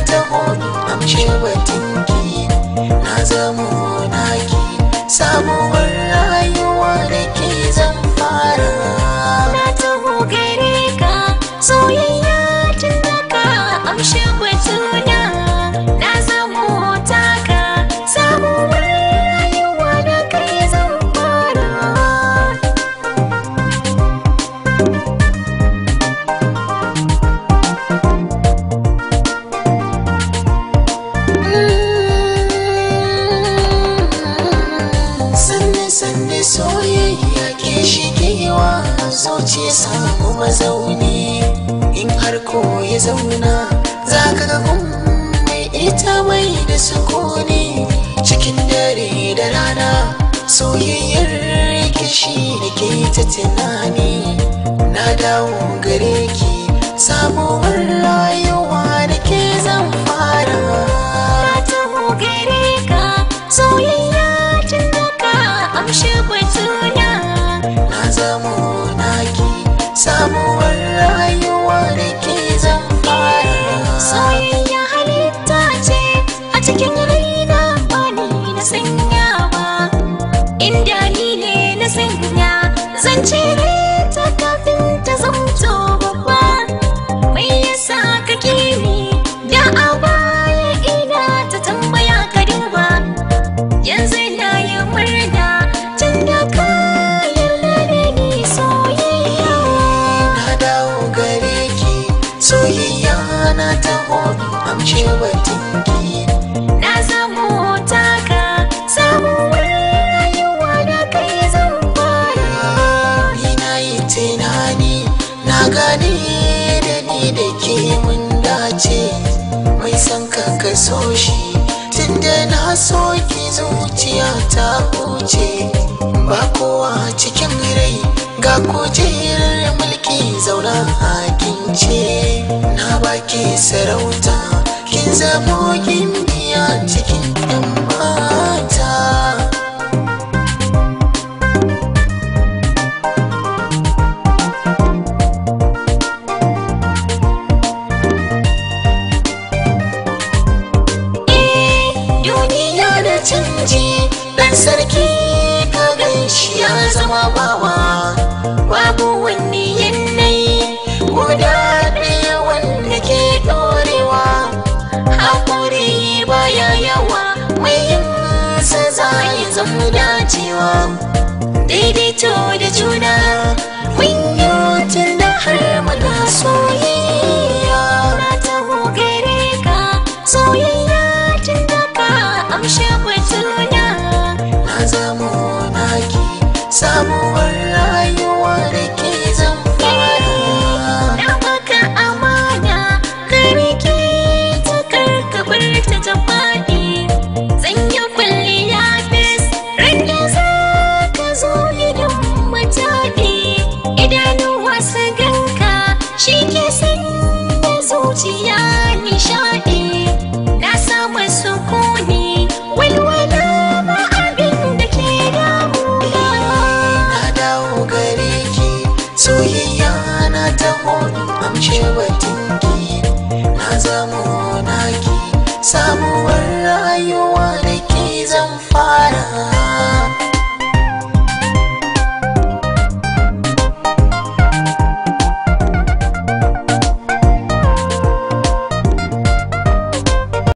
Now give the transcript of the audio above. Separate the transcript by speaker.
Speaker 1: I'm amshe rayuwa zuciya samu mazauni in har ko ya zauna za ka ga mai ita mai da sukuni cikin dare da rana soyayyar kishi da ke ta tunani na dawo gare naki sabuwar rayuwa da ke zan fara soyayya na ta hobi amshewa tinki na samu taka samu rayuwa da kai zan fara na yi tunani na gane da ni da ke mun dace mai san ka ka so shi tunda na so ki zuciya ta huce ba kowa cikin rai ga kujerar mulki zauna a kince ke sarauta kin zamo kin cikin ɗan mata eh, Canji ɗan sarki ka gan shi ya zama bawa you